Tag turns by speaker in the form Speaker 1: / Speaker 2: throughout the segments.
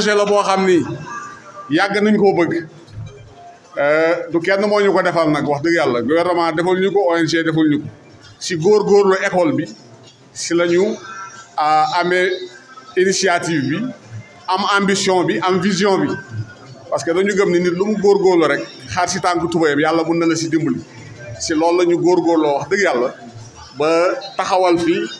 Speaker 1: projet la boo xam ni yàgg nañ koo bëgg euh, du kenn moo ñu ko defal nag wax dëgg yàlla gouvernement defal ñu ko ONG defal ñu ko si góorlu école bi si la ñu amee initiative bi am ambition bi am vision bi parce que dañu gëm ni nit lu mu góor góorgóorlu rek xaar si tànk tubayam yàlla mun na la si dimbali si loolu la ñu góorgóorloo wax dëgg yàlla ba taxawal fii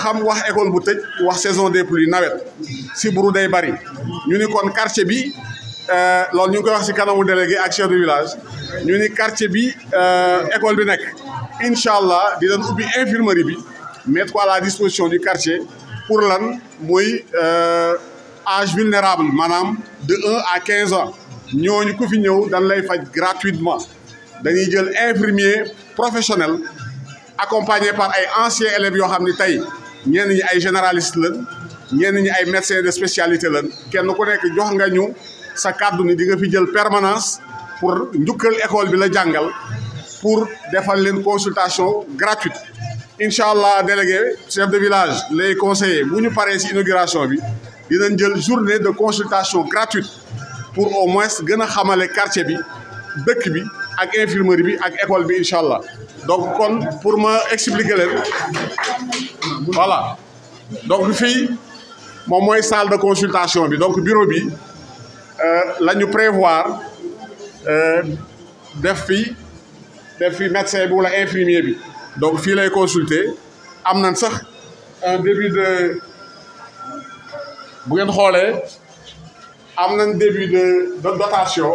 Speaker 1: xam wax école bu tëj wax saison des pluies nawet si buru day bari ñu ni kon quartier bi euh, loolu ñu ngi koy wax si kanamu délégué ak chef de village ñu ni quartier bi euh, école bi nekk incha allah di infirmerie bi mettre à la disposition du quartier pour lan mooy euh, âge vulnérable maanaam de 1 à 15 ans Nous ku fi ñëw dañ lay faj gratuitement dañuy jël infirmier professionnel accompagné par ay anciens élèves yoo xam ni tey ñenn ñi ay généralistes, lañ médecins ñi ay de spécialité lañ nous ku nekk jox nga ñu sa cadre ni di nga permanence pour njukkal école bi la pour defal leen consultation gratuite Inshallah, délégué chef de village les conseillers bu ñu paree si inauguration bi dinañ jël journée de consultation gratuite pour au moins gën a xamale quartier bi dëkk bi avec l'infirmerie, bi l'école, école bi donc kon pour m'expliquer, expliquer voilà donc ici, c'est mooy salle de consultation bi donc bureau bi nous euh, prévoyons prévoir euh, def des def pour l'infirmier. bi la bi donc les lay consulter consultées. nañ sax un début de bu ngeen un début de dotation.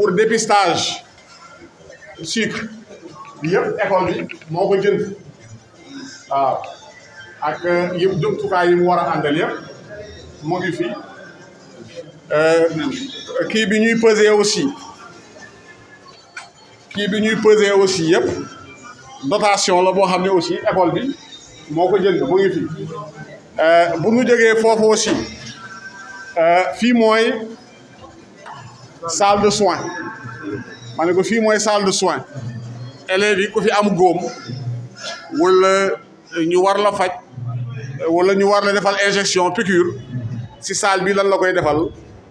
Speaker 1: pour dépistage sucre bi yëpp école bi moo ko jënd waaw ak euh, yëpp jumtukaay yi mu war a àndal yëpp mu ngi fi euh, kii bi ñuy peser aussi kii bi ñuy peser aussi yëpp dotation la boo xam ne aussi école bi moo ko jënd mu ngi fi euh, bu ñu jógee foofu aussi fii mooy. salle de soins ma ne ko fii mooy salle de soins élèves yi ku fi am góom wala ñu war la faj wala ñu war la defal injection piqûre si salle bi lan la koy defal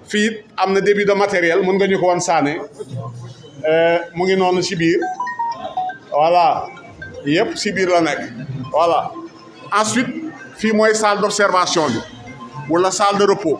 Speaker 1: fii it am début de matériel mën nga ñu ko wan saane euh, mu ngi noonu si biir voilà yëpp si la nekk voilà ensuite fi moy salle d'observation. observation la wala salle de repos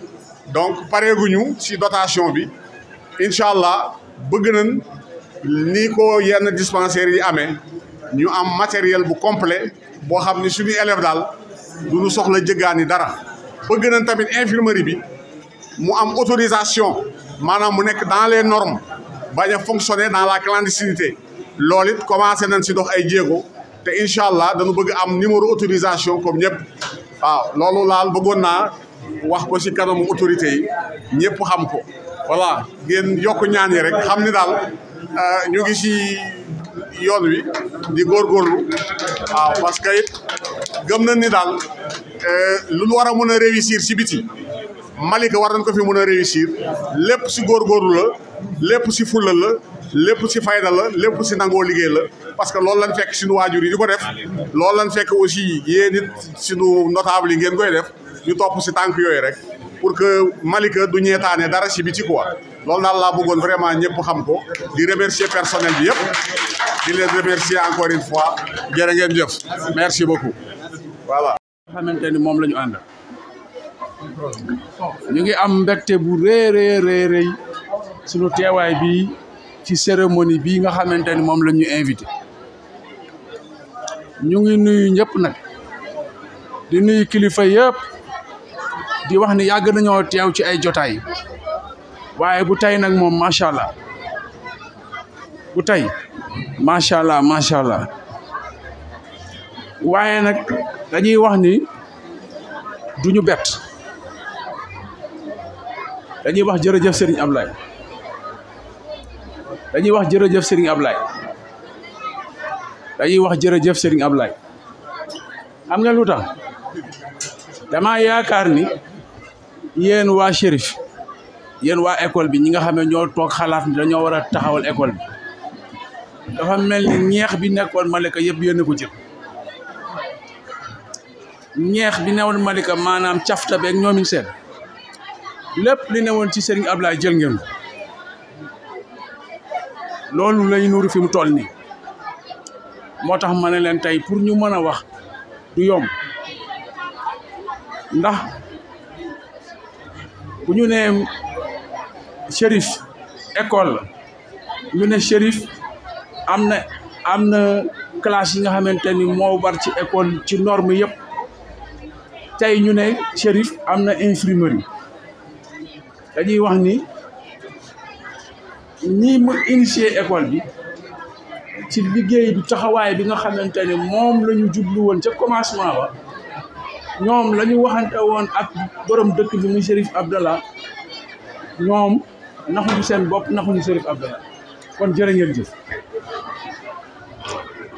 Speaker 1: donc pareeguñu ci dotation bi inshallah, allah bëgg nañ ni ko yenn dispensaire yi amee ñu am matériel bu complet bo xamni suñu élève dal du ñu soxla jëggaani dara. bëgg nañ tamit infirmerie bi mu am autorisation manam mu nekk dans les normes baña fonctionner dans la clandestinité lolit commencé nañ ci dox ay djégo té inshallah dañu bëgg am numéro autorisation comme ñep waaw lolu laal bëggona wax ko ci kanamu autorité yi ñëpp xam ko voilà ngeen yokk ñaan yi rek xam ni daal euh, ñu ngi si yoon wi di góorgóorlu waaw parce que it gëm na ni daal euh, lu war a mën a réussir ci biti Malika war nañ ko fi mun a réussir lépp si góor góor la lépp si fulla la lépp ci fayda la lépp si nangoo liggéey la parce que loolu lañ fekk suñu waajur yi di ko def loolu lañ fekk aussi yéen it suñu notable yi ngeen koy def ñu top ci tank yoy rek pour que Malika du ñeetaane dara ci bi ci quoi lool dal la bëggoon vraiment ñepp xam ko di remercier personnel bi yépp di les remercier encore une fois jere ngeen jëf merci beaucoup voilà. xamanteni mom lañu and
Speaker 2: ñu ngi am mbégte bu ré ré ré rëy sunu téway bi ci cérémonie bi nga xamanteni mom lañu invité ñu ngi nuyu ñëpp nak di nuyu kilifa yépp di wax ni yàgg nañoo teew ci ay jotaay waaye bu tey nag moom macha allah bu tey macha allah macha allah waaye nag dañuy wax ni duñu bett dañuy wax jërëjëf Serigne Ablaye dañuy wax jërëjëf Serigne Ablaye dañuy wax jërëjëf Serigne Ablaye xam nga lu tax dama ni yéen waa Chérif yéen waa école bi ñi nga xam ne ñoo toog xalaat ni dañoo war a taxawal école bi dafa mel ni ñeex bi nekkoon Malika yëpp yéen ko jël ñeex bi newoon Malika maanaam cafta beeg ñoomin seen lépp li newoon ci Serigne Ablaye jël ngeen loolu lay nuuru fi mu toll nii moo tax ma ne leen tey pour ñu mën a wax du yomb ndax ñu nee shérif école la ñu ne shérif am na am na classe yi nga xamante ni moo bar ci école ci norme yëpp tey ñu ne shérif am na infirmerie dañuy wax ni ni mu initié école bi ci liggéey bi taxawaay bi nga xamante ni moom la ñu jublu woon ca commencement ba ñoom la ñu waxante woon ak borom dëkk bi muy Chérif Abdallah ñoom naxuñu seen bopp naxuñu Chérif Abdallah kon jërë ngeen jëf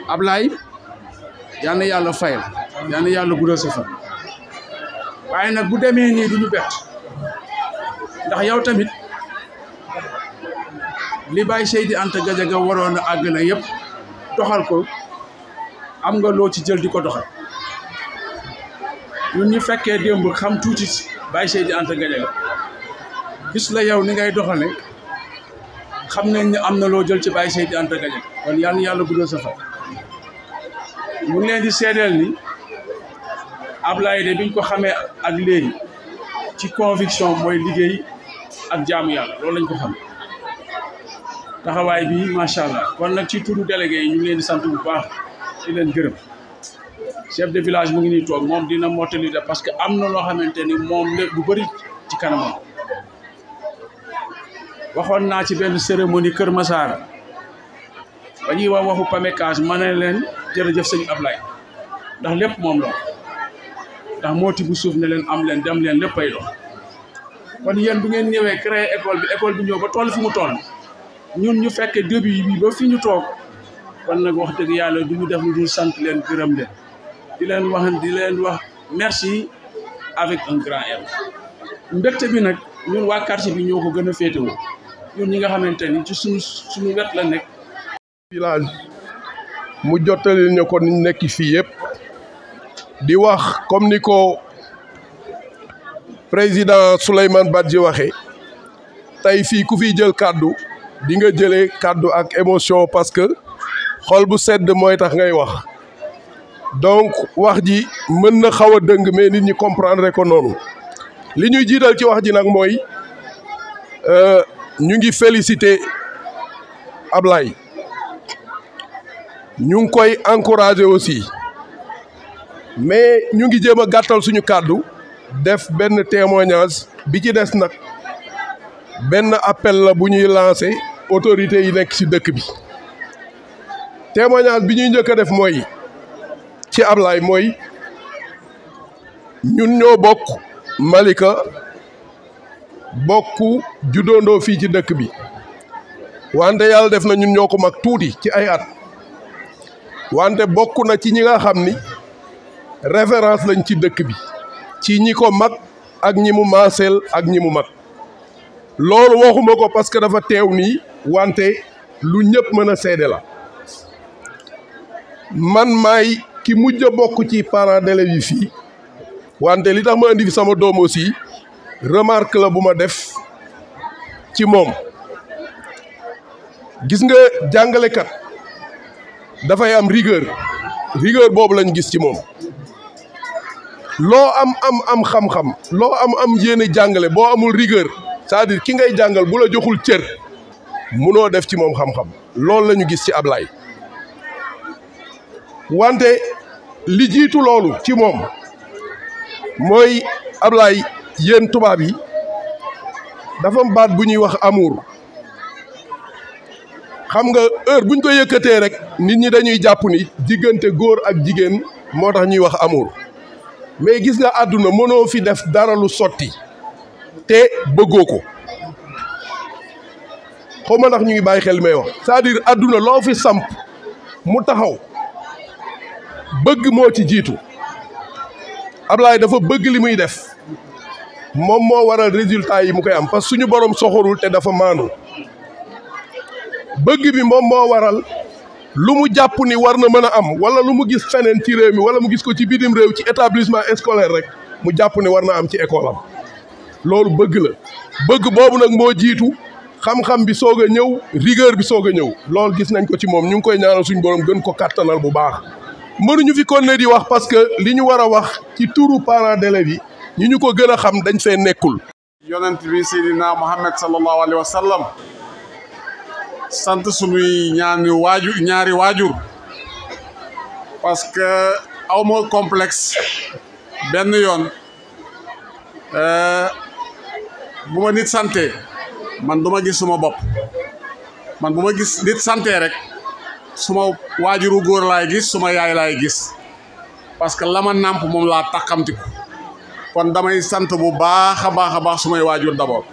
Speaker 2: Ablaye yal yàlla fayal yal na yàlla guddal sa fan waaye nag bu demee nii du ñu bett ndax yow tamit li Baye Seydi Anta Gadiaga waroon a àgg na yëpp doxal ko am nga loo ci jël di ko doxal ñun ñu fekkee démb xam tuuti ci Baye Seydi Anta Gadiaga gis la yow ni ngay doxale xam nañ ne am na loo jël ci Baye Seydi Anta Gadiaga kon yal na yàlla guddal sa fan mu ngi leen di seedeel ni Ablaye de biñ ko xamee ak léegi ci conviction mooy liggéey ak jaamu yàlla loolu lañ ko xam taxawaay bi macha allah kon nag ci turu délégué yi ñu ngi leen di sant bu baax di leen gërëm. chef de village mu ngi nii toog moom dina mottali de parce que am na loo xamante ni moom la bu bëri ci waxoon naa ci benn cérémonie Kër Massar ba wax waxu pamecage ma ne leen jërëjëf sëñ Ablaye ndax lépp moom la ndax mooti tibb suuf ne leen am leen dem leen lépp ay dox kon yéen bu ngeen ñëwee créer école bi école bi ñëw ba tool fi mu tool ñun ñu fekkee début bi ba fi ñu toog kon nag wax dëgg yàlla du mu def lu dul sant leen gërëm leen. di leen wax di leen wax merci avec un grand R mbégte bi nag ñun waa quartier bi ñoo ko gën a féetewoo ñun ñi nga xamante ni ci
Speaker 3: su su wet la nekk village mu jottali ñu ko niñ nekk fii yëpp di wax comme ni ko président Souleymane ji waxe tey fii ku fiy jël kàddu di nga jëlee kàddu ak émotion parce que xol bu sedd mooy tax ngay wax donc wax ji mën na xaw a dëng mais nit ñi comprendre ko noonu li ñuy jiital ci wax ji nag mooy euh, ñu ngi féliciter Ablay. ñu ngi koy encourager aussi mais ñu ngi jéem a gàttal suñu kàddu def benn témoignage bi ci des nag benn appel la bu ñuy lancer autorité yi nekk ci dëkk bi témoignage bi ñuy njëkk a def mooy. ci Ablaye mooy ñun ñoo bokk Malika bokk juddoondoo fii ci dëkk bi wante yàlla def na ñun ñoo ko mag tuuti ci ay at wante bokk na ci ñi nga xam ni référence lañ ci dëkk bi ci ñi ko mag ak ñi mu ak ñi mu mag loolu waxuma ko parce que dafa teew nii wante lu ñëpp mën a seede la man maay ki mujj a bokk ci parents d'élèves yi wante li tax ma indi fi sama doom aussi remarque la bu ma def ci moom gis nga jàngale kat dafay am rigueur rigueur boobu lañu gis ci moom loo am am am xam-xam loo am am yéene jàngale boo amul rigueur cest ki ngay jàngal bu la joxul cër munoo def ci moom xam-xam loolu la ñu gis ci Ablaye wante li jiitu loolu ci moom mooy Ablaay yéen tubaab yi dafa baat bu ñuy wax amour xam nga heure buñ ko yëkkatee rek nit ñi dañuy jàpp ni diggante góor ak jigéen moo tax ñuy wax amour mais gis nga àdduna mënoo fi def dara lu sotti te bëggoo ko xaw ma ndax ñu ngi bàyyi xel may wax cest à àdduna loo fi samp mu taxaw bëgg moo ci jiitu Ablaye dafa bëgg li muy def moom moo waral résultat yi mu koy am parce que suñu borom soxorul te dafa maandu bëgg bi moom moo waral lu mu jàpp ni war na mën a am wala lu mu gis feneen ci réew mi wala mu gis ko ci bitim réew ci établissement scolaire rek mu jàpp ni war na am ci école am loolu bëgg la bëgg boobu nag moo jiitu xam-xam bi soog a ñëw rigueur bi soog a ñëw loolu gis nañ ko ci moom ñu ngi koy ñaanal suñu borom gën ko kattanal bu baax ñu fi konné ne di wax parce que li ñu wara wax ci touru parents d'élèves yi ñi ñu ko gëna xam dañ fay nekkul
Speaker 1: yonent bi sidina muhammad sallallahu alayhi wa sallam sant sunuy ñaani waju ñaari waajur parce que awma complexe ben yon euh buma nit santé man duma gis suma bop man buma gis nit santé rek suma waajuru góor laay gis suma yaay laay gis parce que la ma nàmp moom laa takkamtiku kon damay sant bu baax a baax a baax sumay waajur d'abord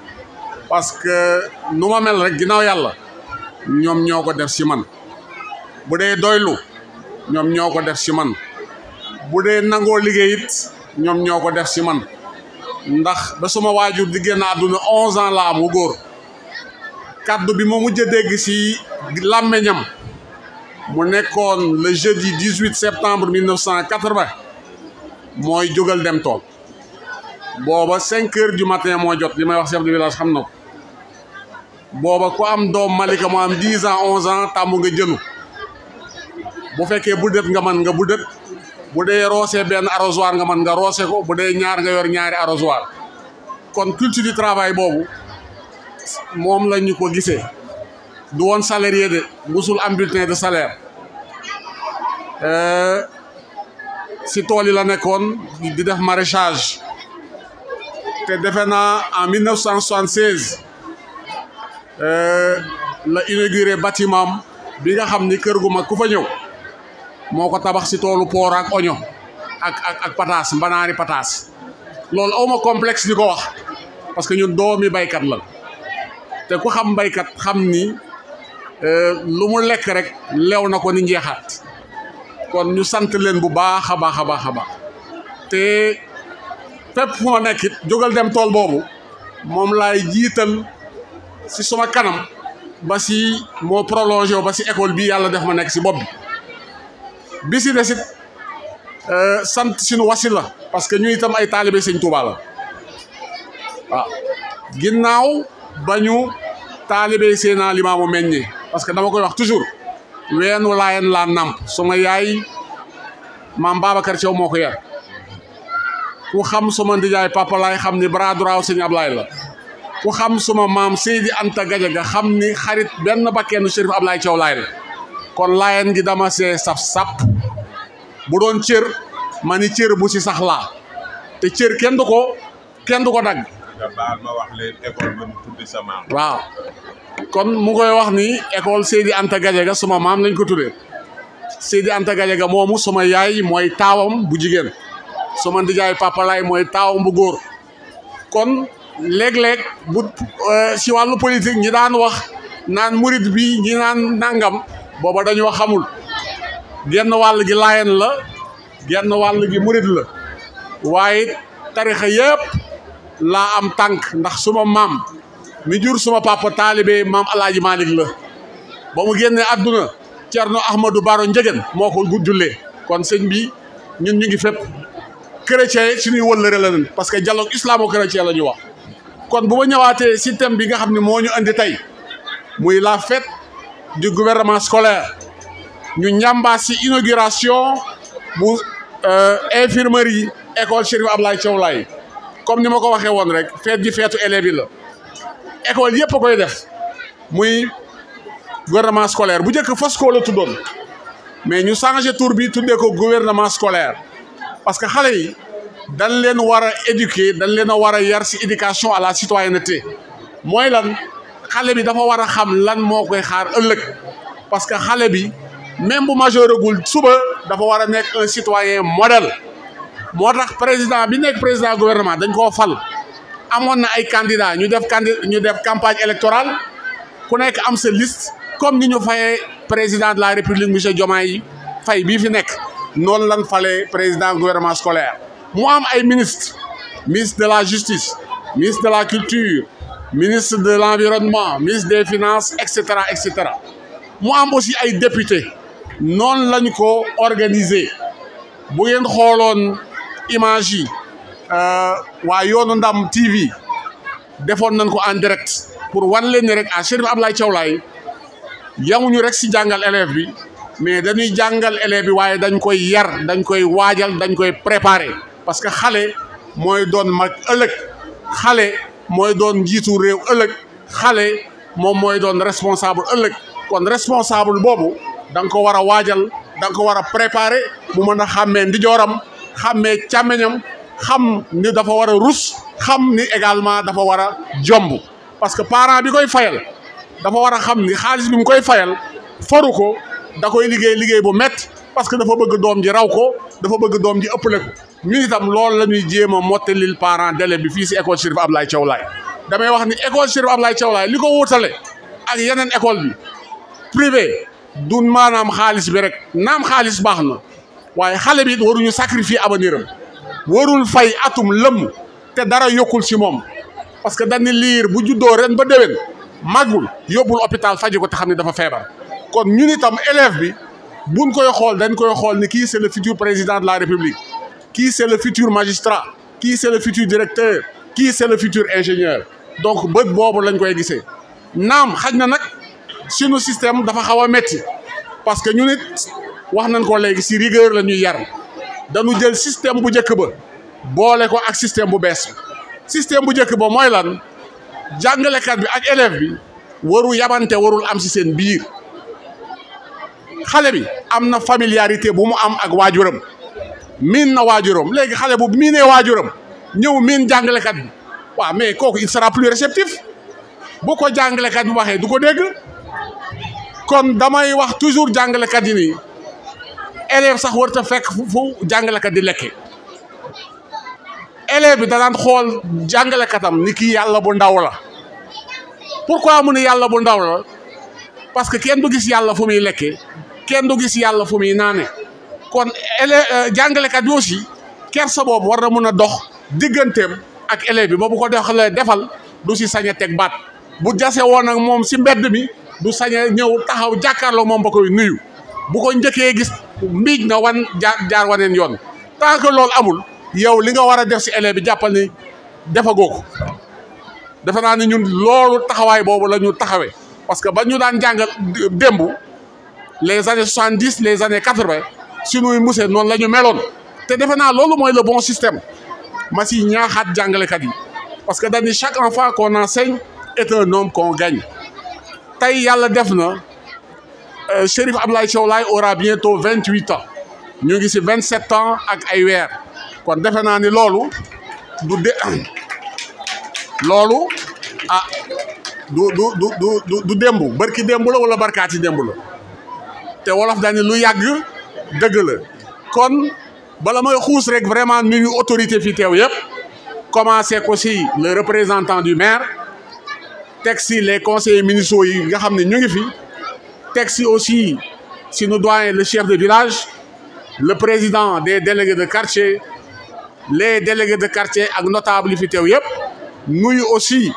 Speaker 1: parce que nu ma mel rek ginnaaw yàlla ñoom ñoo ko def ci man bu dee doylu ñoom ñoo ko def ci man bu dee nangoo liggéey ñoom ñoo ko def ci man ndax su ma waajur di génn àdduna onze ans la am wu góor kàddu bi ma mujj gis dégg ci làmmeñam mu nekkoon le jeudi 18 septembre 1980 mooy jógal dem tool booba cinq heures du matin moo jot li may wax chef de xam na ko booba ku am doom Malika mu am dix ans onze ans tàmm nga jënu bu fekkee buddet nga man nga buddet bu dee roosee benn arrosoir nga man nga roose ko bu dee ñaar nga yor ñaari arrosoir kon culture du travail boobu moom la ñu ko gisee du woon salarié de musul am bulletin de salaire euh, si tool yi la nekkoon di def maraîchage té defe en 1976 euh, la inauguré bâtiment bi nga xam kër gu mag ku fa ñëw moo tabax ci tolu por ak oño ak ak ak patas mbanaari patas loolu awma complexe diko wax parce que ñun doomi baykat la te ku xam baykat xam ni Euh, lu mu lekk rek lew na ko ni njeexaat kon ñu sant leen bu baax a baax a baax a baax te fépp fu nekk it jógal dem tool boobu moom laay jiital si suma kanam ba si moo prolongé ba si école bi yàlla def ma nekk si bopp bi bi si desit euh, sant suñu wasila parce que ñu itam ay taalibe sëñ Tuuba la ginnaaw ba ñu talibé séna Limaamu meññi parce que dama koy wax toujours wénu layen la namp suma yaay mam babakar ciow moko yar ku xam suma ndijaay papa lay xam ni bras droit seigne Ablaay la ku xam suma mam Seydi Anta Gajaga xam ni xarit ben bakkeenu cheikh Ablaay ciow lay la kon layen gi dama sé saf-sap bu don cieur mani cieur bu ci sax te cër kenn du ko kenn nga kon ni Seydi Anta gajaga suma mam lañ ko tuddee Seydi Anta Gadiaga momu suma yaay mooy taawam bu jigéen suma ndijaay papa laay mooy bu kon leg leg bu euh, si wàllu politique ñi daan wax naan bi ñi naan nangam boba dañoo xamul genn wàll gi laayen la genn wàll gi murit la waaye tarixa yépp laa am tànk ndax suma maam mi jur suma papa taalibe maam alaaji Malick la ba mu génnee àdduna Cerno Ahmadou Baro Njegen moo ko guddulee kon sëñ bi ñun ñu ngi fépp chrétien suñuy wëllëre la nen parce que dialogue islamo-chrétien la ñu wax kon bu ma ñëwaatee si bi nga xam ne moo ñu andi tey muy la fête du gouvernement scolaire ñu njàmbaas si inauguration bu euh, infirmerie école Chérif Ablaye Thiaw lay comme ni avons ko faire rek la école a koy def le gouvernement scolaire bu que Fosco la mais nous changé tour bi le gouvernement scolaire parce que les yi dañ leen éduquer dañ éducation à la citoyenneté Moi, lan bi dafa parce que les même bu un citoyen modèle je suis président bi suis président gouvernement dañ suis fal amon ay candidat ñu def candi ñu def campagne électorale ku nek am sa liste comme ni ñu le président de la république monsieur Diomaye fay bi fi nek non lañ falé président gouvernement scolaire Moi, am ay ministre ministre de la justice ministre de la culture ministre de l'environnement ministre des finances etc. etc. je am aussi ay député non lañ ko organiser bu ngeen xolone image euh wa yoonu ndam TV defon nañ ko en direct pour wan len rek a cheikh Ablaye tiawlay yamuñu rek si jangal élève bi mais dañuy jangal élève bi waye dañ koy yar dañ koy wadjal dañ koy préparer parce que xalé moy don mak euleuk xalé moy don jitu rew euleuk xalé mom moy don responsable euleuk kon responsable bobu dang ko wara wadjal dang ko wara préparer mu meuna xamé ndijoram xam xàmmee càmmeñam xam ni dafa war a rus xam ni également dafa war a jomb parce que parent bi koy fayal dafa war a xam ni xaalis bi mu koy fayal faru ko da koy liggéey liggéey bu métti parce que dafa bëgg doom ji raw ko dafa bëgg doom ji ëpp ko ñun itam loolu la ñuy jéem a mottalil parent d'élève bi fii si école Chérif Ablaye Thiaw Laye damay wax ni école Chérif Ablaye Thiaw Laye li ko wutale ak yeneen école bi privé du maanaam xaalis bi rek naam xaalis baax na waaye xale bi waruñu sacrifier avenir am warul fay atum lëmm te dara yokkul ci moom parce que dañu liir bu juddoo ren ba déwén màggul yóbbul hôpital faji ko te xam ne dafa feebar kon ñu itam élève bi buñ koy xool dañ koy xool ni kii c'est le futur président de la république kii c'est le futur magistrat kii c'est le futur directeur kii c'est le futur ingénieur donc bët boobu lañ koy gisee naam xaj na nag suñu système dafa xaw a metti parce que ñu nit wax nañ ko légui ci rigueur la ñuy yar dañu jël système bu jëk ba boole ko ak système bu bees système bu jëk ba moy lan kat bi ak élève bi waru yabanté warul am ci seen biir xalé bi amna familiarité bu mu am ak wajuram min na wajuram légui xalé bu miné wajuram ñew min jàngalekat kat wa mais koku il sera plus réceptif bu ko kat bu waxé du ko dégg kon damay wax toujours jàngalekat yi ni élève sax warta fekk fu kat di lekke élève bi xol xool katam ni ki yalla bu ndaw la pourquoi mu ni yalla bu ndaw la parce que kenn du gis yalla fu mi lekke kenn du gis yalla fu mi nané kon élève euh, jàngalekat yi aussi kersa boobu war na mëna dox digëntem ak élève bi ba bu ko doxalee defal du ci sañ tek bat bu jassé won ak mom ci mbedd mi du sañ ñew taxaw jakarlo mom ba nuyu bu ko njëkkee gis mbiij na wan jaar jaar waneen yoon tant que loolu amul yow li nga war a def si élève bi jàppal ni defagoo ko defe naa ni ñun loolu taxawaay boobu la ñu taxawee parce que ba ñu daan jàngal démb les années soixante les années quatre vingt suñuy musée noonu la ñu meloon te defe naa loolu mooy le bon système ma si ñaaxaat jàngalekat yi parce que dañ ni chaque enfant qu'on enseigne est un homme qu'on gagne tey yàlla def na le euh, Ablaye aura bientôt 28 ans Nous ngi 27 ans ak ay ah, du du la wolof vraiment autorité fi le représentant du maire taxi les conseillers municipaux Taxi aussi, si nous doit le chef de village, le président des délégués de quartier, les délégués de quartier nous notable aussi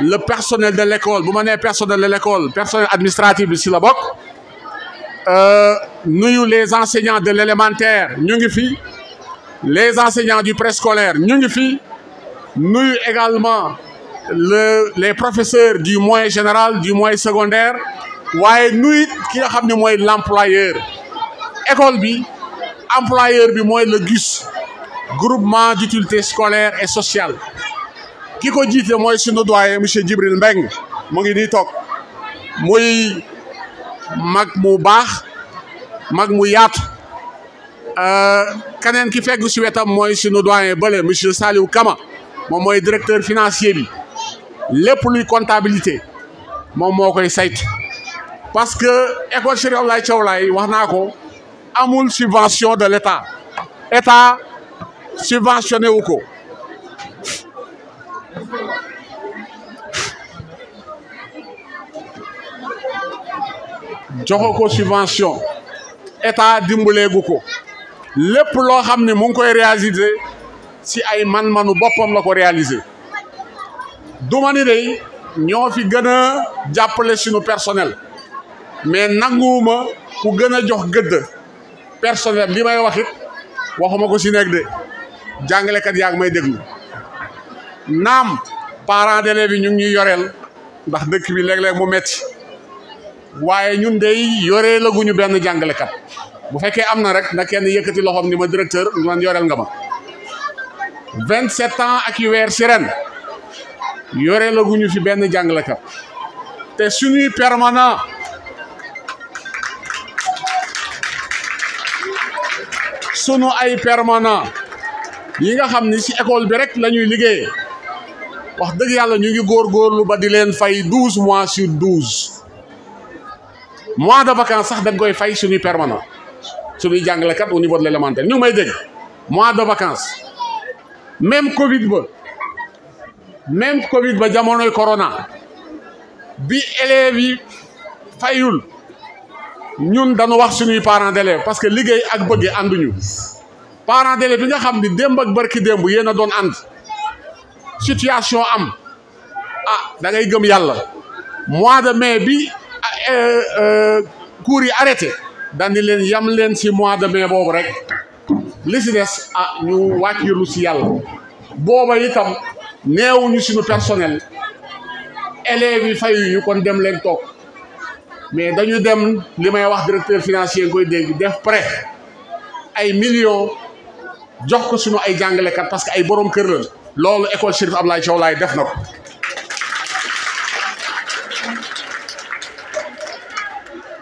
Speaker 1: le personnel de l'école vous m'avez personnel de l'école personnel administratif ici la la euh, les enseignants de l'élémentaire nous les enseignants du préscolaire nous également les professeurs du moyen général du moyen secondaire waye nuy ki nga xam moy l'employeur école bi employeur bi moy le GUS groupement d'utilité scolaire et sociale kiko ko moy mooy sunu doyen monsieur Djibril Mbeng mo ngi ni tok moy mag mu baax mag mu yaatu euh, keneen ki fegg ci wétam moy sunu doyen balé monsieur Saliou Kama mom moy directeur financier bi lepp luy comptabilité mom moo koy parce que école Chérif Abdoulaye Thiaw wax naa ko amul subvention de l'état état subventionné wu ko joxo ko subvention état dimbaleegu ko lépp loo xam ne mu ngi koy réaliser si ay man-manu boppam la ko réaliser duma ni day ñoo fi gën a jàppale suñu personnel mais nanguwuma ku gën a jox gëdd personnel bi may wax waxuma ko si nekk de jàngalekat yaa ngi may déglu naam parents d'élèves yi ñu ngi ñuy yoreel ndax dëkk bi léeg-léeg mu metti waaye ñun day yoreelaguñu benn jàngalekat bu fekkee am na rek na kenn yëkkati loxoom ni ma directeur man yoreel nga ma vingt sept ans ak yu weer si ren yoree laguñu fi benn jàngalekat te suñuy permanent sunu ay permanent yi nga xam ni si école bi rek la ñuy liggéey wax dëgg yàlla ñu ngi góor góorlu ba di leen fay douze mois sur douze mois de vacances sax dañ koy fay suñuy permanent suñuy jàngalekat au niveau de l'élémentaire ñu ngi may dégg mois de vacances même Covid ba même Covid ba jamonoy corona bi élèves yi fayul. ñun dañu wax suñuy parents d'élèves parce que liggéey ak andu ànduñu parents d'élèves bi nga xam ni demb ak barki demb yéen doon and situation am ah da ngay gëm yalla mois de mai bi ah, eh, eh, cour yi arrêté ni leen yam leen ci mois de mai bobu rek li ci dess ah ñu lu ci yalla booba itam néwuñu suñu personnel élèves yi yu kon dem leen tok mais dañu dem limay wax directeur financier koy dégg def prêt ay millions jox ko suñu ay kat parce que ay borom kër la loolu école Chérif Ablaye Thiaw def na ko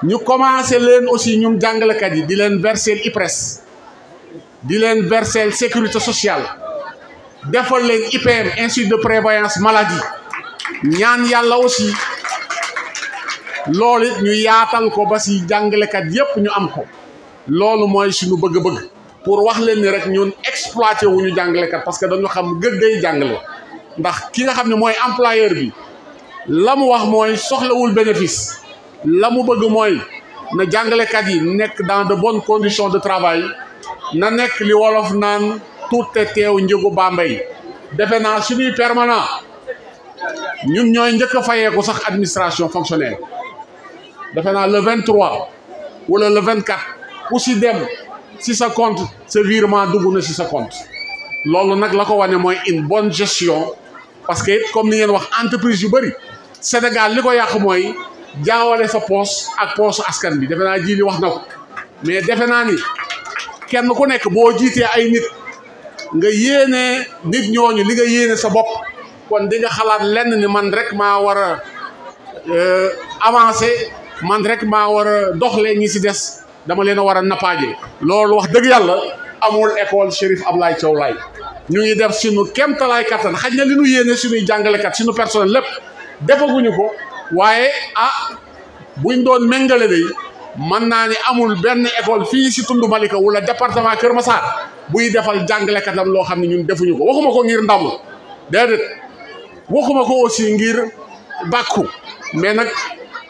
Speaker 1: ñu commencé leen aussi ñum kat yi di leen verser IPRES di leen verser sécurité sociale defal leen IPM institut de prévoyance maladie ñaan yàlla aussi loolu it ñu yaatal ko ba si jàngalekat yépp ñu am ko loolu mooy suñu bëgg-bëgg pour wax leen ni rek ñun exploité ñu jàngalekat parce que dañu xam gëddey jàngale ndax ki nga xam ne mooy employeur bi la mu wax mooy soxlawul bénéfice la mu bëgg mooy na jàngalekat yi nekk dans de bonnes conditions de travail na nekk li wolof naan tuute teew njëgu Bambey defe naa suñuy permanant ñun ñooy njëkk fayee ko sax administration fonctionnaire defe naa le 23 wala le 24 ku si dem si sa compte sa virement dugg na si sa compte loolu nag la ko wane mooy une bonne gestion parce que comme ni ngeen wax entreprise yu bëri Sénégal li ko yàq mooy jaawale sa poos ak poosu askan bi defe naa ji li wax na ko mais defe naa ni kenn ku nekk boo jiitee ay nit nga yéenee nit ñooñu li nga yéene sa bopp kon di nga xalaat lenn ni man rek maa war a euh, avancer. man rek maa war a doxalee ñi si des dama leen a war a nappaaje loolu wax dëgg yàlla amul école Chérif Ablaye Thiaw Laye ñu ngi def suñu kem talaay kattan xaj na li ñu yéene suñuy jàngalekat suñu personnel lépp defaguñu ko waaye ah buñ doon méngale day mën naa ni amul benn école fii si tund Malika wala département Kër Massar buy defal jàngalekatam loo xam ne ñun defuñu ko waxuma ko ngir ndamu déedéet waxuma ko aussi ngir bàkku mais nag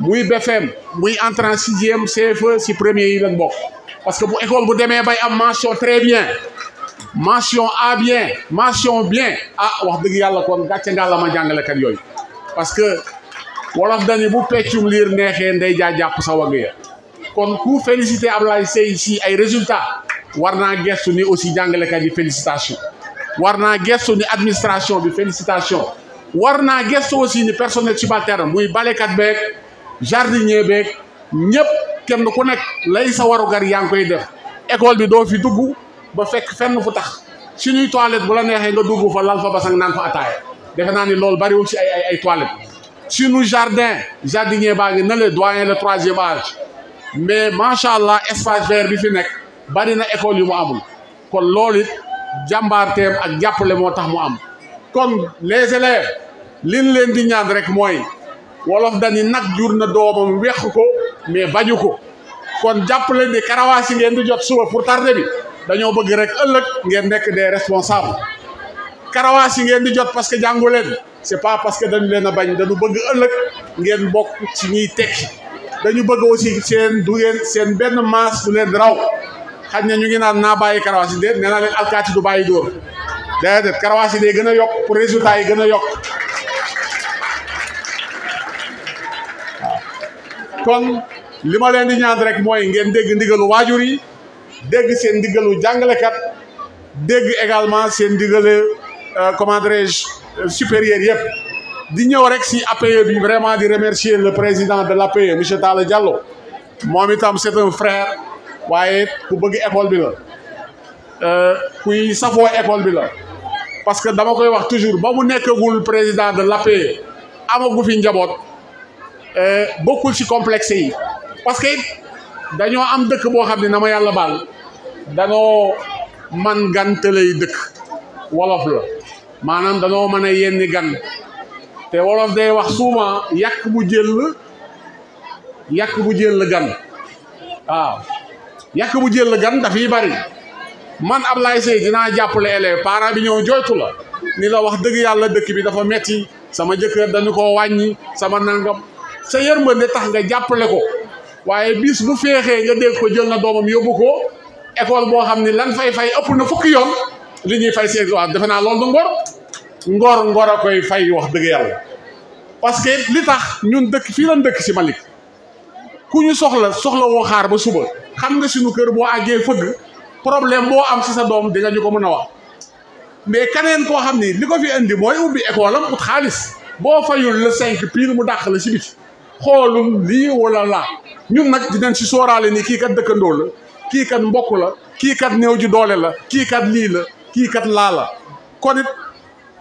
Speaker 1: muy oui muy en sixième CFE si premier il est parce que bu école vous demee bay mention très bien mention A bien mention bien ah parce que wolof dañu bu lire vous avez sa ya kon félicité résultat aussi yi vous war ni administration de félicitations avez aussi aussi ni personnel subalterne muy 4 jardinier beeg ñëpp kenn ku nekk lay sa warugar yaa ngi koy def école bi doo fi dugg ba fekk fenn fu tax suñuy toilette bu la neexee nga dugg fa lal fa basang naan fa defe naa ni loolu bariwul si ay ay ay toilette suñu jardin jardinier baa ngi na le doyen le troisième âge mais macha allah espace bi fi nekk bari na école yi mu amul kon looli it jàmbaarteem ak jàppale moo tax mu am kon les élèves liñ leen di ñaan rek mooy wolof dani nak jurna na doomam wex ko mais bañu ko kon jàpp leen ni karawasi ngeen du jot suba pour tardé bi daño bëgg rek ëllëg ngeen nek des responsables karawasi ngeen di jot parce que jàngu c'est pas parce que dañ leena bañ dañu bëgg ëllëg ngeen bok ci ñi tek dañu bëgg aussi sen du ngeen sen ben masse du leen raw xagne ñu ngi naan na baye karawasi de nee leen alkati du baye karawasi de gëna yok pour résultat yi gëna yok kon li ma leen di ñaant rek mooy ngeen dégg ndigalu waajur yi dégg seen ndigalu jàngalekat dégg également seen ndigalu euh, comment dirais-je euh, supérieur yëpp di ñëw rek si APE bi vraiment di remercier le président de l'APE monsieur Talla jalo moom itam c'est un frère waaye ku bëgg école bi la euh, kuy safoo école bi la parce que dama koy wax toujours ba mu nekkagul président de l'APE amagu fi njaboot Euh, bokkul ci complexe yi parce que dañoo am dëkk boo xam ne na yàlla baal danoo man gantalay dëkk wolof la maanaam danoo mën a yenni gan te wolof day wax souvent yàq bu jël yàq bu jël gan waaw yàq bu jël gan dafay bari man Ablaye Seye dinaa jàppale élève parent bi ñëw jooytu la ni la wax dëgg yàlla dëkk bi dafa metti sama jëkkër dañu ko wàññi sama nangam sa yërmande tax nga jappale ko waye bis bu fexé nga dégg ko jël na domam yóbbu ko école bo xamni lan fay fay ëpp na fukk yoon li ñuy fay seen wax defena lool du ngor ngor ngor akoy fay wax dëgg yalla parce que li tax ñun dëkk fi lan dëkk ci malik ku ñu soxla soxla wo xaar ba suba xam nga suñu kër bo àggee fëgg problème bo am ci sa dom di nga ñuko mëna wax mais kanen ko xamni liko fi andi moy ubi école am ut xaliss bo fayul le 5 pile mu dàq la ci biti xoolum lii wala laa ñun nag dinañ si sóoraale ni kii kat dëkkandoo la kii kat mbokk la kii kat néew ji doole la kii kat lii la kii kat laa la kon it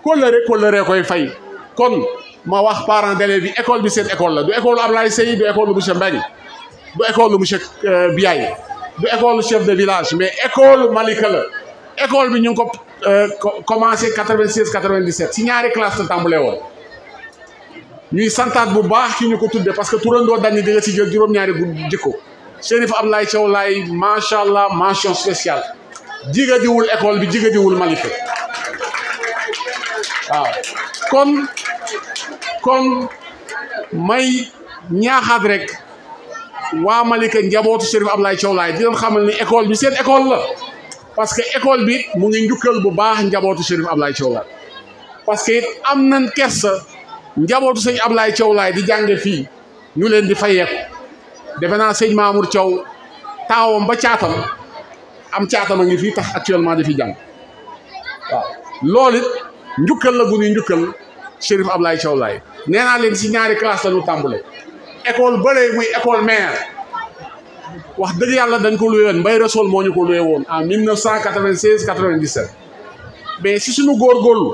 Speaker 1: kóllëre kóllëre koy fay kon ma wax parents d'élèves bi école bi seen école la du école Ablaye Seye du école monsieur Mbengue du école monsieur euh, Biaye du école chef de village mais école Malika la école bi ñu ngi ko euh, commencé 96 97 si ñaari classe la tàmbalee woon ñuy santaat bu baax ki ñu ko tudde parce que turandoo dañu di nga ci jël juróom-ñaari bu jikko Chérif Ablaye Thiaw Laye macha allah mention spéciale jigadiwul école bi jigadiwul Malika waaw kon kon may ñaaxaat rek waa Malika njabootu Chérif Ablaye Thiaw Laye di leen xamal ni école bi seen école la parce que école bi mu ngi njukkal bu baax njabootu Chérif Ablaye Thiaw Laye parce que am nañ kersa njabootu sëñ Ablaye Thiaw laay di jànge fii ñu leen di fayeeku defe naa sëñ Mamour Thiaw taawam ba caatam am caatam a ngi fii tax actuellement di fi jàng waaw it njukkal la gu ñuy njukkal Chérif Ablaye Thiaw laay nee naa leen si ñaari classe la ñu tàmbale école bële muy école mère wax dëgg yàlla dañ ko luye woon Mbay Rasool moo ñu ko luye woon en 1996 97 mais si suñu góorgóorlu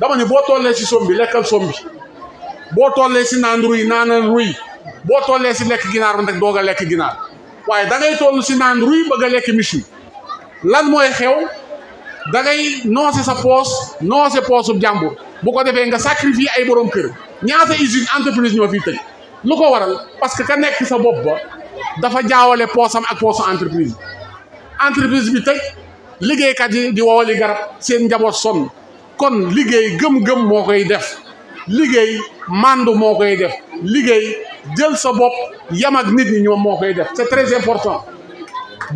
Speaker 1: dama ni boo tollee si som bi lekkal som bi boo tollee si naan ruy naanal ruy boo tollee si lekk ginaar ba nag doog a lekk ginaar waaye dangay ngay si naan ruy bëgg a lekk michu lan mooy xew da ngay noose sa poos noose poosu jàmbur bu ko defee nga sacrifier ay borom kër ñaata usine entreprise ñoo fii tëj lu ko waral parce que ka nekk sa bopp ba dafa jaawale poosam ak poosu entreprise entreprise bi tëj liggéeykat yi di wowali garab seen njaboot sonn kon liggéey GEM GEM mokay def liggéey màndu mokay def liggéey djel sa bop yam ak nit ni ñom mokay def c'est très important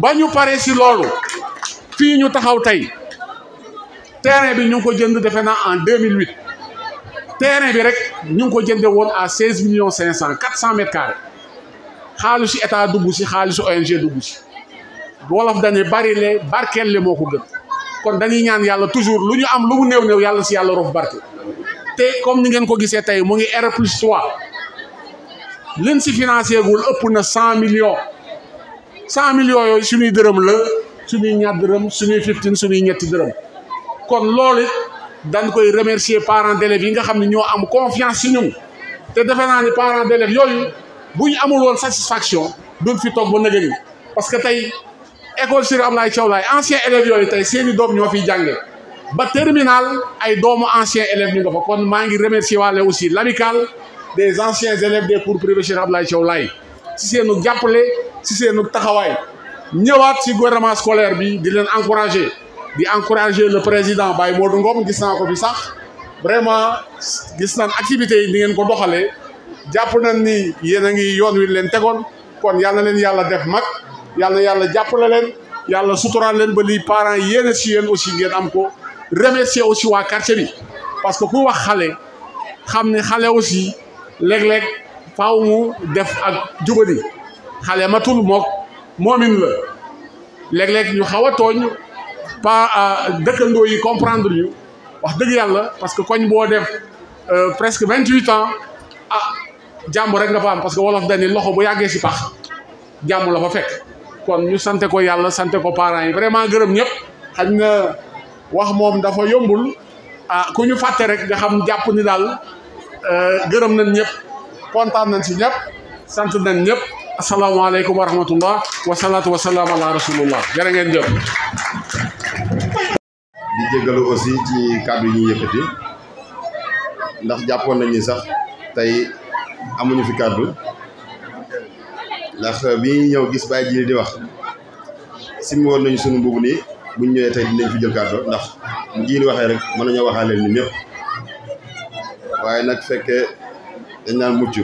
Speaker 1: bañu paré ci lolu fi ñu taxaw tay terrain bi ñu ko jënd defena en 2008 terrain bi rek ñu ko jënde won à 16 millions 500 400 mètres carrés xaalisu état dugg si xaalisu ONG dugg si wolof dañé bari le barkel lé moko ko kon dañuy ñaan yàlla toujours lu ñu am lu mu néew néew yàlla si yàlla rof barke te comme ni ngeen ko gisee tey mu ngi R plus 3 leen si financé gul ëpp na cent millions cent million yooyu suñuy dërëm la suñuy ñaar dërëm suñuy fifteen suñuy ñetti dërëm kon loolu dañ koy remercier parents d'élèves yi nga xam ne ñoo am confiance si ñun te defe naa ni parent d'élèves yooyu bu ñu amul woon satisfaction duñ fi toog ba nëgëni parce tey école sur Ablaye Thiaw anciens ancien élèves yooyu tay seen i doom ñoo fiy jànge ba terminal ay doomu ancien élèves ñu nga kon ma ngi remercier walé aussi l'AMICAL des anciens élèves des cours privés Serigne Ablaye Thiaw Laye si seenu nous si seenu taxaway ñëwaat ci gouvernement scolaire bi di leen encourager di encourager le président Baye Modou Ngom gis na ko fi sax vraiment gis na activité yi ni ngeen ko doxalé japp nañ ni yéen ngi yoon wi leen tégon kon yalla na leen yalla def mak yalla yalla jàppale leen yàlla suturaal leen ba li parents yene ci yene aussi ngeen am ko remercier aussi wa quartier bi parce que ku wax xalé xam xalé aussi leg leg faaw mu def ak jubadi xalé matul mok momine la leg leg ñu xaw a pa ah, dëkkandoo yi comprendre ñu wax deug yalla parce que koñ bo def euh, presque 28 ans ah jàmm rek nga fa am parce que wolof dañ ni loxo bu yàggee ci pax jàmm la fa fekk kon ñu sante ko yalla sante ko parents yi vraiment gërëm ñep xañ na wax mom dafa yombul ah ku ñu faté rek nga xam japp ni euh gërëm nañ ñep kontaan nañ ci ñep sant nañ assalamu alaykum wa rahmatullah wa salam ala rasulullah jere ngeen jëf
Speaker 4: di jéggalu aussi ci cadre yi ñu yëkkati ndax jappon nañ ni sax tay amuñu fi cadre ndax euh, bi ñëw gis bàyyi ji di wax simmi woon nañu sunu mbubb nii buñ ñëwee tey dinañ fi jël kàddu ndax bu jiini waxee rek mën nañoo waxaa leen ni waaye nag fekkee dañ naan mucc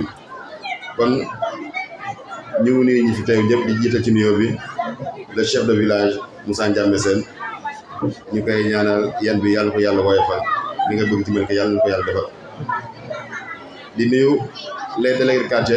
Speaker 4: kon ñu ngi nuyu fi tey ñëpp di jiital ci nuyoo bi le chef de village Moussa Ndiamé seen ñu koy ñaanal yan bi yàlla ko yàlla woyofal li nga bëgg ci mel yàlla na ko yàlla defal di nuyu les délégués de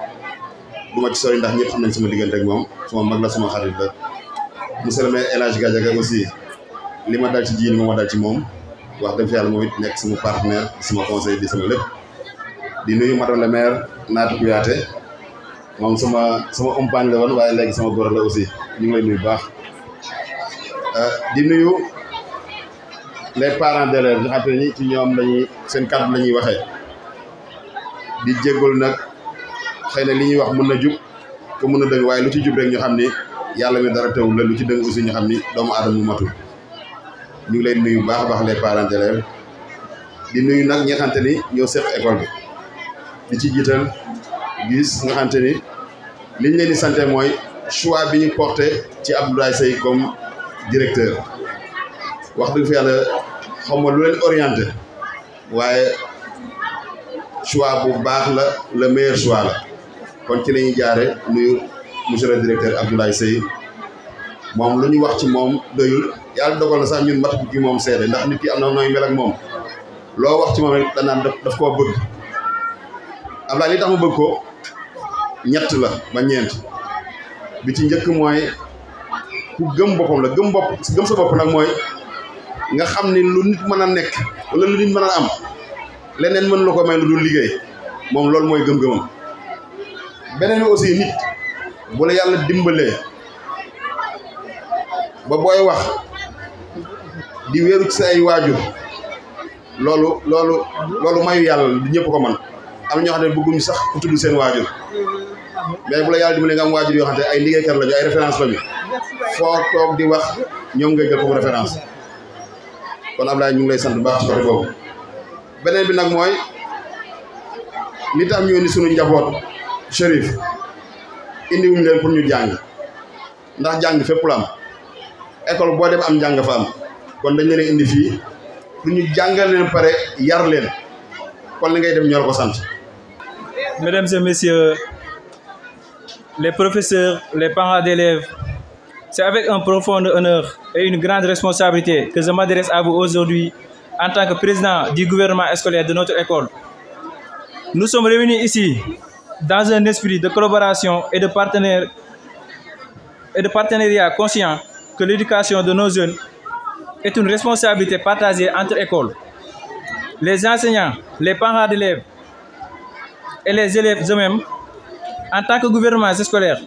Speaker 4: du ci sori ndax ñepp am nañ sama digënté ak mom sama mag la sama xarit la monsieur le maire gaja Hadj aussi lima dal ci jigéen moma dal ci mom wax dëgg fi yàlla moom nek sama partenaire sama conseil di sama lepp di nuyu madame le maire ku yaté mom sama sama compagne la won waye léegi sama gor la aussi ñu ngi lay nuyu baax eh, di nuyu les parents d'élèves nga xam te ni ci ñom lañuy seen kàddu lañuy waxé di jéggul nak xëy na li ñuy wax mën na jub ko mun a dëng waaye lu ci jub rek ñu xam ni yàlla mi dara teewul la lu ci dëng aussi ñu xam ni doomu aadama mu matul ñu ngi leen nuyu bu baax a baax les parents di nuyu nag ñi nga ni ñoo seq école bi di ci jiital gis nga xamante ni liñ leen di sante mooy choix bi ñu porté ci Abdoulaye Seye comme directeur wax dëgg fa yàlla xaw ma lu leen orienté waaye choix bu baax la la meilleur choix la kon ci lañu jaare nuyu monsieur le directeur Abdoulaye sey mom luñu wax ci mom doyul yalla dogal na sax ñun mat bi mom sédé ndax nit ki amna noy mel ak mom lo wax ci mom rek danaan daf ko bëgg Abdoulaye li tax mu bëgg ko ñett la ba ñent bi ci ñëk moy ku gëm bopam la gëm bop gëm sa bop nak moy nga xamni lu nit mëna a nekk wala lu nit mëna am leneen mën lu ko may lu dul liggéey moom loolu mooy gëm-gëmam beneen bi aussi nit bu la yàlla dimbalee ba booy wax di wéeru ci waajur loolu loolu loolu mayu yàlla du ñëpp ko man am na ñoo xam ne bëgguñu sax ku tudd seen waajur mais bu la yàlla dimbalee nga am waajur yoo xam ne ay liggéeykat lañu ay référence lañu foo toog di wax ñoom nga jël comme référence kon Ablaye ñu ngi lay sant baax ci côté boobu beneen bi nag mooy li tax ñu ni sunu njaboot. Chérif pour école am Nous Mesdames et messieurs, les
Speaker 5: professeurs, les parents d'élèves, c'est avec un profond honneur et une grande responsabilité que je m'adresse à vous aujourd'hui en tant que président du gouvernement scolaire de notre école. Nous sommes réunis ici dans un esprit de collaboration et de, partenariat conscient que l'éducation de nos jeunes est une responsabilité partagée entre écoles. Les enseignants, les parents d'élèves et les élèves eux-mêmes, en tant que gouvernement scolaire,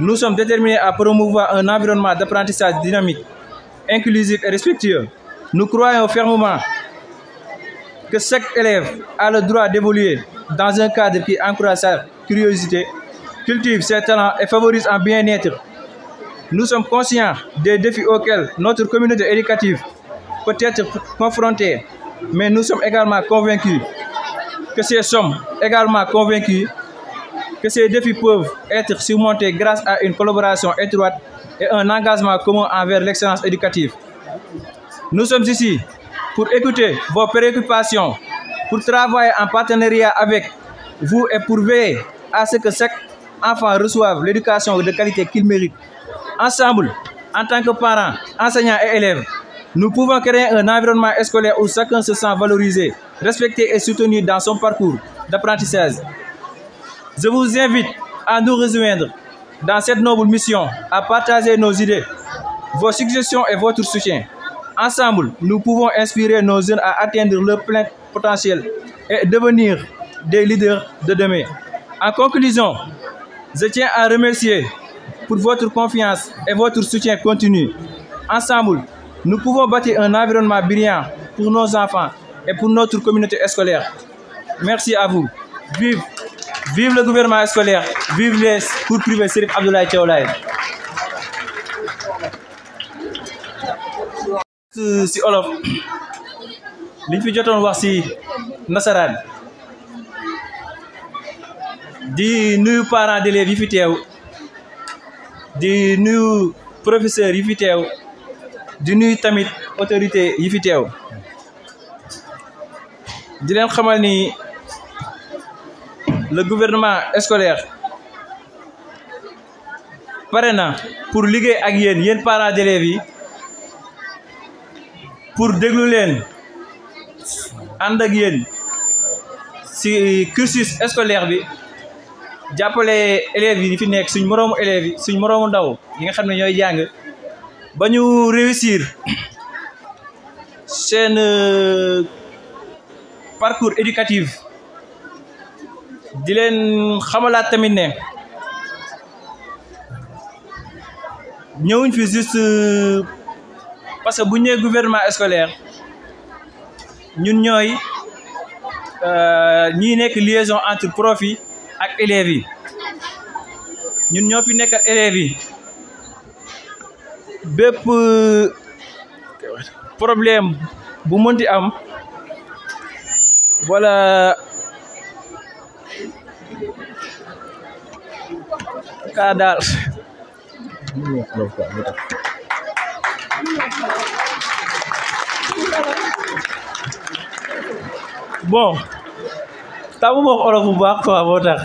Speaker 5: nous sommes déterminés à promouvoir un environnement d'apprentissage dynamique, inclusif et respectueux. Nous croyons fermement que chaque élève a le droit d'évoluer dans un cadre qui encourage sa curiosité, cultive ses talents et favorise un bien-être. Nous sommes conscients des défis auxquels notre communauté éducative peut être confrontée, mais nous sommes également convaincus que ces sommes également convaincus que ces défis peuvent être surmontés grâce à une collaboration étroite et un engagement commun envers l'excellence éducative. Nous sommes ici pour écouter vos préoccupations, pour travailler en partenariat avec vous et pour veiller à ce que chaque enfant reçoive l'éducation de qualité qu'il mérite. Ensemble, en tant que parents, enseignants et élèves, nous pouvons créer un environnement scolaire où chacun se sent valorisé, respecté et soutenu dans son parcours d'apprentissage. Je vous invite à nous rejoindre dans cette noble mission, à partager nos idées, vos suggestions et votre soutien. Ensemble, nous pouvons inspirer nos jeunes à atteindre leur plein potentiel et devenir des leaders de demain. En conclusion, je tiens à remercier pour votre confiance et votre soutien continu. Ensemble, nous pouvons bâtir un environnement brillant pour nos enfants et pour notre communauté scolaire. Merci à vous. Vive, vive le gouvernement scolaire. Vive les cours privés Euh, si olof liñ fi jotoon wax si nasaraan di nuyu parents d'élèves yi fi teew di nuyu professeurs yi fi teew di nuyu tamit autorité yi fi teew di leen xamal ni le gouvernement scolaire pare na pour liggéey ak yéen yéen parents d'élèves yi pour déglu andagien ànd ak si cursus scolaire bi jappelé élève yi fi nek suñ morom élève yi suñ morom ndaw yi nga xamné ñoy jang bañu réussir seen euh, parcours éducatif di len xamalaat tamit ne ñëwuñ fi juste euh, parce que bu ñu nee gouvernement scolaire ñun ñooy euh, ñii nekk lieson entre prof yi ak élèves yi ñun ñoo fi nekkal élèves yi bépp euh, problème bu mënti am wala kaa daal bon taamu ma olof bu baax quoi moo tax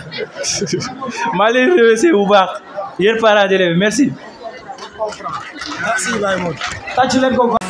Speaker 5: maa leen remercier bu baax yéen parents d'élèves merci.
Speaker 2: merci Baye Modou. tàcc
Speaker 5: leen ko.